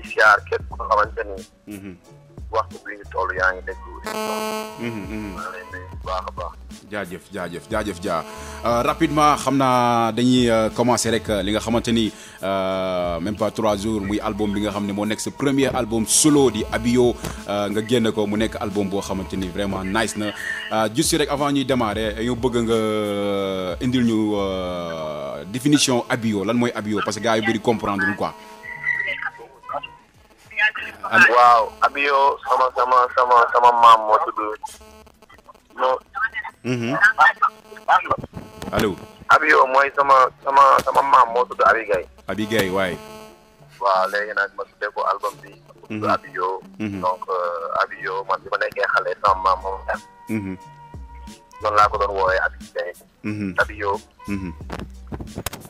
di siyaar képp ku hmm ni. Mhm. waxtu bi ñu toll yaa ngi déglu. hmm hmm lay nuyu bu baax a baax. jaajëf jaajëf jaajëf jaa euh, rapidement xam naa dañuy euh, commencer rek euh, li nga xamante ni même pas trois jours muy album bi nga xam ne moo nekk sa premier album solo di Abiyo nga génn ko mu nekk album boo xamante ni vraiment nice na juste rek avant ñuy démarrer ñu bëgg nga indil ñu définition Abiyo lan mooy Abiyo parce que gars yu bëri comprendre quoi. waaw Abiyo sama sama sama sama maam moo tudd non. Mhm. allo. Abiyo mooy sama sama sama maam moo tudd Abi Gaye. Abi Gaye waay. waaw léegi nag ma tuddee ko album bi. Mhm. tudd Abiyo. Mhm. donc euh, Abiyo man bi ma nekkee xale sama maam moom tam. noonu laa ko doon woowee Abi Gaye. Abiyo.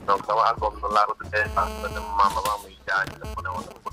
donc sama album noonu laa ko tuddee sama maam ba ma muy jaay la.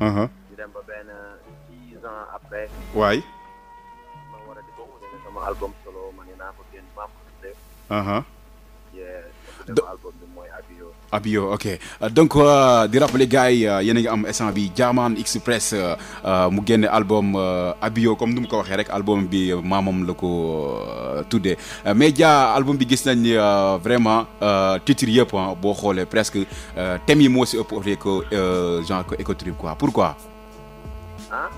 ñu dem ba ans après. waay. ma di ko sama album solo ko Abio ok euh, donc euh, di rappeler gars yi euh, yéen ngi am instant bi Jahman express press mu génne album Abio comme ni ko waxe rek album bi mamam lako ko mais Dia album bi gis nañ ni vraiment titre yëpp hein, bo xolé presque thème yi mo si ëpp ote que genre eco écotrip quoi pourquoi hein?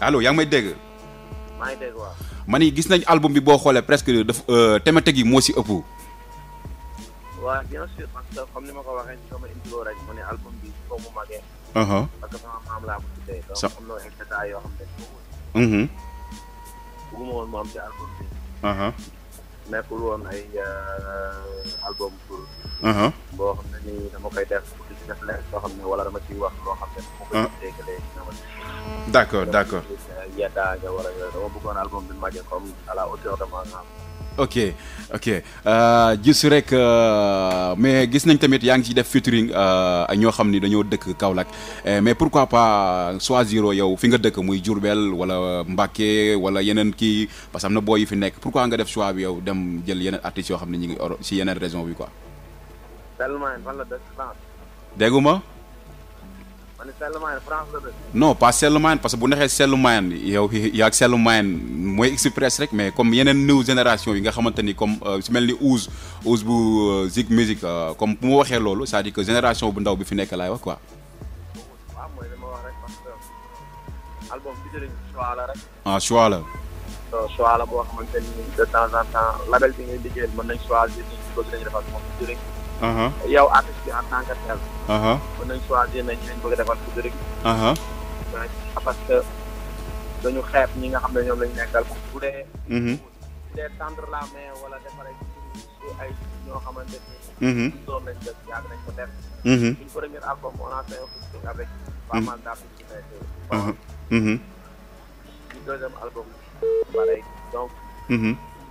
allo yaa ngi may dégg maa ngi dégg wa mani gis nañ album bi bo xolé presque daf thématique yi mo si ëpp waaw bien sûr parce que comme ni ma ko waxee ci sama intro rek mu ne album bi foo mu magee. Uh-huh. parce que sama maam laa ko tuddee. sax donc am na ay détails yoo xam ne dañ ko wut. Mm-hmm. woon mu am ci album bi. Uh-huh. nekkul woon ay euh, album uh-huh. boo xam ne nii dama koy def pour ci def leen soo xam ne wala dama ciy wax loo xam ne. moo koy déglee euh, dina ma. d' accord d' accord. yeddaa a ok ok gisu euh, rek euh, mais gis nañ tamit yaa ngi ci def featuring euh, ñoo xam ni dañoo dëkk Kaolack eh, mais pourquoi pas choisir yow fi nga dëkk muy Diourbel wala Mbacké wala yeneen kii parce que na boo yu fi nekk pourquoi nga def choix bi yow dem jël yeneen artistes yoo xam ne ñu ngi si yeneen raison bi ko Salman la non pas seetlu maayan parce que bu nexee seetlu maayan yow yaa ak seetlu maayan mooy express rek mais comme yeneen new génération yi nga xamante ni comme euh, su mel ni Ouz Ouz bu euh, Zik Music euh, comme bu ma waxee loolu c'est-à-dire que génération bu ndaw bi fi nekk laay wax quoi. waaw mooy li wax rek parce que album featuring choix la rek. ah choix la. choix la boo xamante ni de temps en temps label bi ngay liggéeyal mën nañ choisir ñu bëgg nañu defal moom featuring. Uh-huh. yow artiste bi en tant que tel. Uh-huh. mën nañ choisir nañ ñu bëgg a defal pour dëgg. parce que dañu xeeb ñi nga xam ne ñoom lañ nekkal bu dee. Mm-hmm. bu dee tendre la main wala defaree ci ay ñoo xamante ni. doon mm-hmm. nañ def ko def. Mm-hmm. suñ album on a fait un featuring avec pas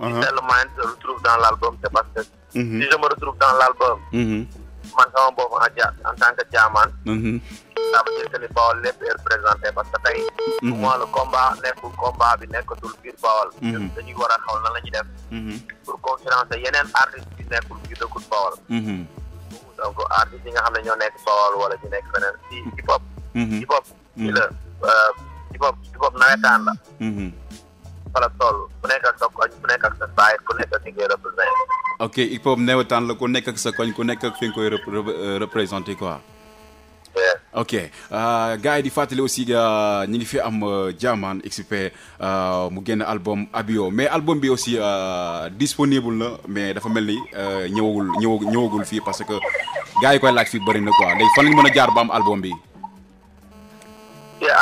Uh -huh. Tellement se retrouve dans l'album, c'est parce que mm -hmm. si je me retrouve dans l'album, mm -hmm. man sama bopp en, en tant que diamant, mm -hmm. ça veut dire que les Baol les est parce que tey. Mm -hmm. moi le combat nekkul combat bi nekkatul biir ball, mm-hmm. dañuy war a nan la def. Mm-hmm. pour conférence artiste mm-hmm. donc artiste yi nga ñoo wala hip hop. hip hop ci hip hop hip hop la. Euh, fa la toll ku nekk ak sa koñ ku nekk ak sa saay ku nekk ak ni ngay représenté. ok hip hop néewtaan la ku nekk ak sa koñ ku nekk ak fi nga koy euh, représenté quoi. ok euh, gars yi di fàttali aussi euh, ñu ngi fi am Diamane XP mu génn album Abio mais album bi aussi disponible na mais dafa mel ni ñëwagul ñëw ñëwagul fii parce que gars yi koy laaj fii bëri na quoi léegi fan lañ mën a jaar ba am album bi.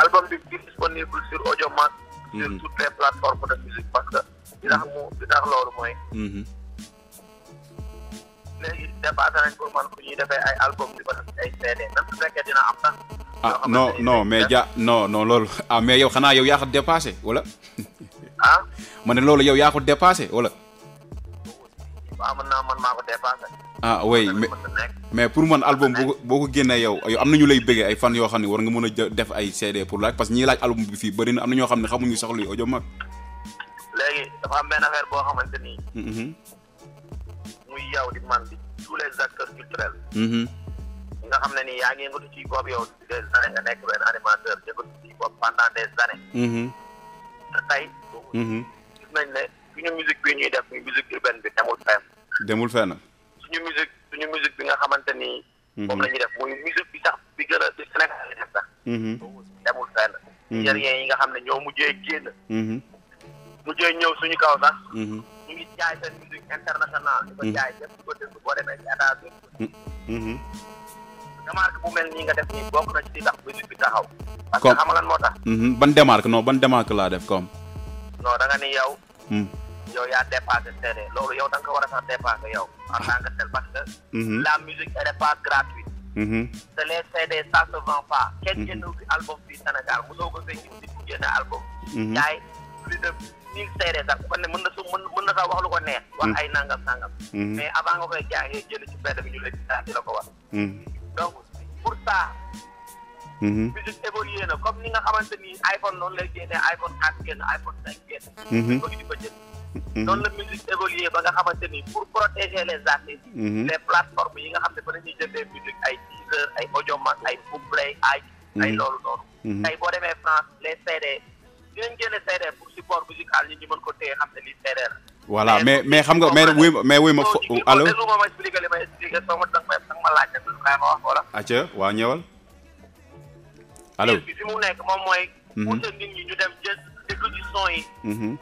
album bi disponible sur Audiomack. sur mhm. toutes les plateformes de parce que li tax mu li tax loolu mooy mhm. léegi dépassé nañ pour man ku ñuy defee ay album di ko def ay CD même su fekkee dina am sax ah ja non non loolu ah mais yow xanaa yow yaa ko dépassé wala ah ma ne loolu yow yaa ko wala ah oui mais pour man album boo ko boo ko génnee yow yow am na ñu lay bëggee ay fan yoo xam ne war nga mën a def ay CD pour laaj parce que ñi laaj album bi fii bëri am na ñoo xam ne xamuñu sax luy mag. léegi dafa am benn affaire boo xamante ni. Mm-hmm. muy yow di man di tous les acteurs culturels. Mm-hmm. nga xam ne ni yaa ngi yëngatu ci bopp yow des années nga nekk benn animateur yëngatu ci bopp pendant des années. Mm-hmm. te tey. gis bi ñuy def muy musique urbaine bi demul fenn. demul fenn. suñu musique suñu musique bi nga xamante ni. Mhm. moom la ñuy def muy musique bi sax bi gën a bi Sénégal def sax. Mhm. demul fenn. Mhm. nigériens yi nga xam ne ñoo mujjee génn. mujjee ñëw suñu kaw sax. ñu ngi jaay seen musique international di ko jaay def di ko def boo bu mel nii nga def nii bokk na ci li tax musique bi taxaw. parce que xam lan moo tax. ban démarque non ban démarque laa def comme. non da ni yow. yow yaa dépassé CD loolu yow da nga ko war a sax dépassé yow en tant que tel parce que mhm. la musique elle est pas gratuite mhm. te les CD ça se vend pas kenn génnewu mhm. fi album fii Sénégal mosoo ko fee gis ku génne album yaay plus de mille ku ko ne mën na su mën na sax wax lu ko neex wax ay nangam nangam mais avant nga koy jaayee jënd ci benn bi ñu la gisaan di la ko wax donc pour ça musique évolué na comme ni nga xamante ni iPhone noonu lay génnee iPhone 4 génn iPhone 5 génn ko di ko Mhm. noonu la musique évolué ba nga xamante ni pour protéger les artistes. Mhm. les plateformes yi nga xam ne ba dañuy jëndee musique ay Deezer ay Audiomack ay Boomplay ay. Mhm. ay loolu noonu. tey boo demee France les CD dinañ génne CD pour support musical yi ñu mën ko téye xam ne lii CD mais mais xam nga mais wuy mais wuy ma fo allo. ma expliqué li may expliqué soo ma danga ma laaj rek lu ma wax wala. acca waaw mu nekk moom mooy. pour que ñu dem jël déglu yi. ci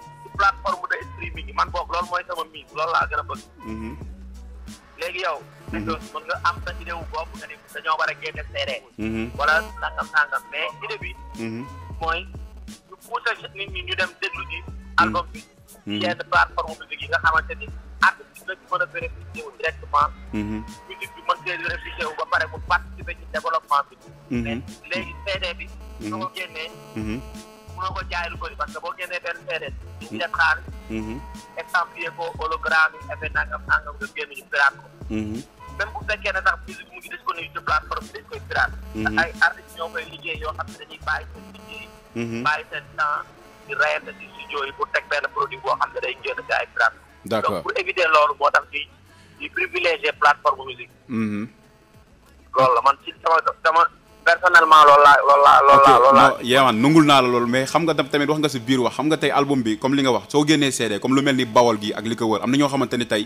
streaming yi man boog loolu mooy sama miin loolu laa gën a bëgg. Mhm. léegi yow. Mhm. mën nga am sa idée wu bopp nga ni dañoo a génne seere. Mhm. wala nangam nangam mais idée bi. mooy ñu pousser nit ñi ñu dem déglu ji. album bi. yenn plateforme musique yi nga xamante ni artiste la ci mën a bénéficier wu directement. musique bi mën see bénéficier wu ba pare mu participer développement bi. léegi CD bi. soo ko génnee. mënoo ko jaay lu bëri parce que boo génnee benn PDS. ñu mm-hmm. def xaalis. Mm-hmm. estampillé ko hologramme yi effet nangam nangam nga génn ñu piraat ko. Mm-hmm. même bu fekkee ne sax musique mu ngi disponible ci plateforme bi dañ koy piraat. ay artistes ñoo koy liggéey yoo xam la man ci sama sama. personnellement loolu laa loolu laa loolu laa loolu laa yeewan nungul naa la loolu mais xam nga tamit wax nga si biir wax xam nga tey album bi comme li nga wax soo génnee CD comme lu mel ni bawal gi ak li ko wër am na ñoo xamante ni tey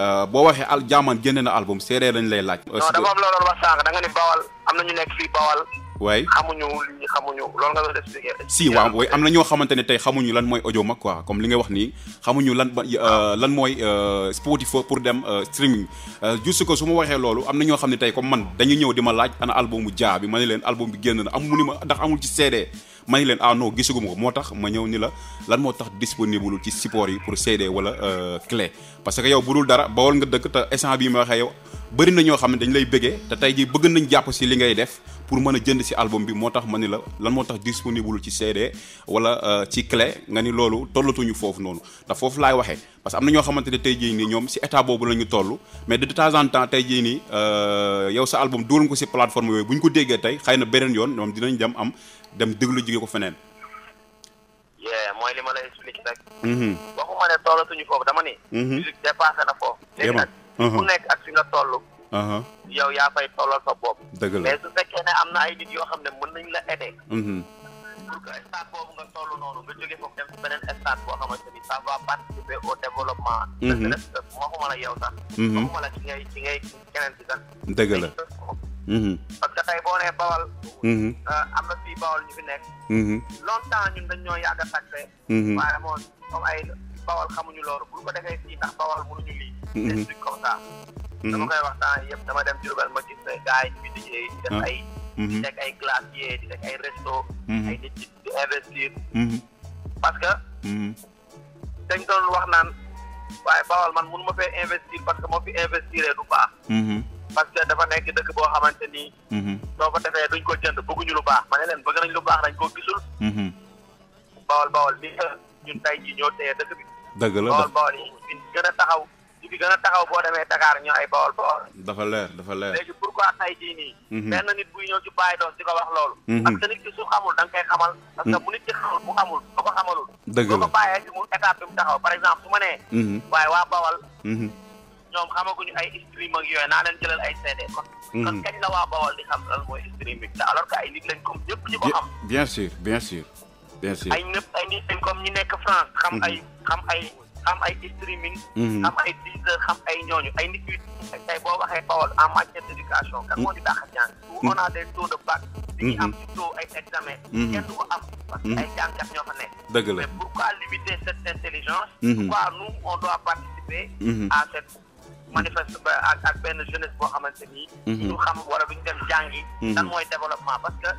euh, boo waxee al génne na album séeréer lañ lay laaj. non dafa am loo doon wax sànq da ni bawal am na ñu nekk fii bawal. waay xamuñu lii xamuñu loolu nga si waaw am na ñoo xamante ne tey xamuñu lan mooy audio mag quoi comme li nga wax nii xamuñu lan euh, lan mooy euh, Spotify pour dem euh, streaming juste ko su ma waxee loolu am na ñoo xam ne tey comme man dañu ñëw di ma laaj ana album bu jaa bi ma leen album bi génn na ni ma ndax amul ci CD ma ne leen ah non gisuguma ko moo tax ma ñëw ni la lan moo tax disponible ci support yi pour CD wala clé parce que yow bu dul dara bawol nga dëkk te instant bii ma waxee yow bëri na ñoo xam ne dañu lay bëggee te tey jii bëgg nañ jàpp si li ngay def pour mën a jënd ci album bi moo tax ma ni la lan moo tax disponible ci CD wala euh, ci clé nga ni loolu tollatuñu foofu noonu ndax foofu laay waxee parce que am na ñoo xamante ne tey jii nii ñoom ci état boobu la ñu toll mais de temps en temps tey jii nii euh, yow sa album dugal ko ci plateforme yooyu bu ñu ko déggee tey xay na beneen yoon ñoom dinañ dem am dem déglu jóge ko feneen. yee mooy li ma lay expliqué rek. Mm-hmm. waxuma ne tollatuñu foofu dama ni. Mm-hmm. musique dépassé na foofu. léegi nag ku Uh-huh. yow yaa fay tollal sa bopp. dëgg la mais su fekkee ne am na ay nit yoo xam ne mën nañ la aider. Mm-hmm. pour que stade boobu nga toll noonu nga jógee foofu dem ci beneen stade boo xamante ni ça va participer au développement. Mm-hmm. parce que nag waxuma la yow sax. Mm-hmm. waxuma la ki ngay ki ngay keneen ci sax. dëgg parce que tey boo nee bawal. Euh, am na fii bawal ñu fi nekk. longtemps ñun dañ ñoo yàgg a tàggee. waaye moom comme ay bawal xamuñu loolu bu ko defee fii ndax bawal mënuñu lii. dama koy wax temps yëpp dama dem Diourbel ma gis ne ñu di ay di ay glacier di ay resto hmm. ay nit di investir hmm. parce que hmm. dañ doon wax naan waaye bawal man mënu fee investir parce que moo fi investir du baax parce que dafa nekk dëkk boo xamante ni soo fa defee duñ ko jënd bëgguñu lu baax ma ne leen bëgg nañ lu baax dañ koo gisul bawal bawal li ñun ji ñoo dëkk bi dëgg la bawal bawal yi gën a taxaw ci bi gën a taxaw boo demee Dakar ñoo ay bawol bawol dafa leer dafa leer léegi pourquoi tey jii nii mhm. benn nit buy ñëw ci bàyyi doon di ko wax loolu mhm. parce que nit da nga koy xamal parce que mhm. nit ki xamul bu xamul boo ko xamalul dëgg la boo ko bàyyee ci mu étape ma nee waaye waa bawal ñoom xamaguñu ay stream ak yooyu naa leen jëlal ay CD kon kon kañ la waa bawal di xam lan mooy stream bi te alors que ay nit lañ comme ñu nekk France xam ay xam ay am ay streaming. Mhm. am ay Deezer xam ay ñooñu ay nit yu tey boo waxee Bawol en matière d' éducation. kan moo di dàq jàng. Mhm. on a des taux de bac. dañuy mhm. am ci taux ay examen. kenn du ko am. parce que ay jàngkat ñoo fa nekk. dëgg la mais limiter cette intelligence. pourquoi nous on doit participer. à cette manifeste ba ak benn jeunesse boo xamante ni. ñu xam wala bu ñu dem jàngi. lan mooy développement parce que.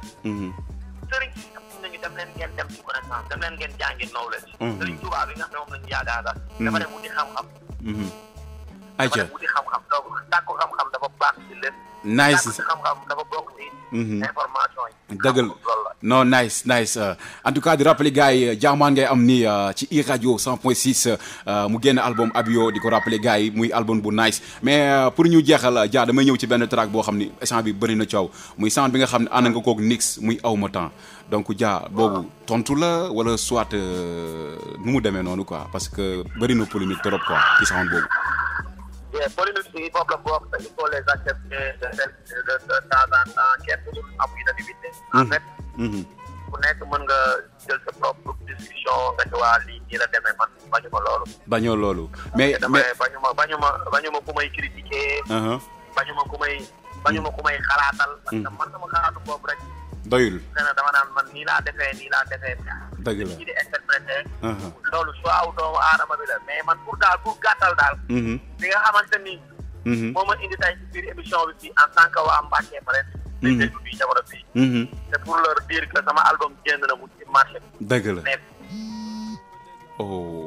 sëriñ si am nañu dem leen ngeen dem ci connaissance dem leen ngeen jàngi nawle mhm. sëriñ Tuubaa bi nga xam ne moom lañu yaakaar daal mhm. dafa dem wuti xam-xam mhm. dafa dem wuti xam-xam donc sàkku xam-xam dafa baax ci lépp nice xam-xam dafa bokk ci information yi dëgg la non nice nice euh, en tout cas di rappeler gars yi euh, ngay am ni euh, ci i radio 100.6 mu un album Abio di gars album bu nice mais pour ñu jeexal ja dama ñëw ci benn track bo xamni bi de na muy sound bi nga xamni ne nga nix muy aw temps donc ja bobu tontu la wala soit nu mu demee nonu quoi parce que na trop quoi ci sound bobu les de temps en temps ku teman nga jël sa propre décision nga ni waa lii nii la demee man bañuma loolu bañoo loolu mais mais bañuma bañuma bañuma ku may critiquer bañuma ku may bañuma ku may xalaatal parce que man sama xalaatu boobu rek doyul dana dama naan man nii laa defee nii laa defee dëgg la di interpréter loolu choix doomu aadama bi la mais man pour pour li nga indi ci émission bi en tant que day mhm. déglu fii jamono bii. Mhm. te pour leur dire que sama album génn na mu ci marché bi. dëgg la. oh.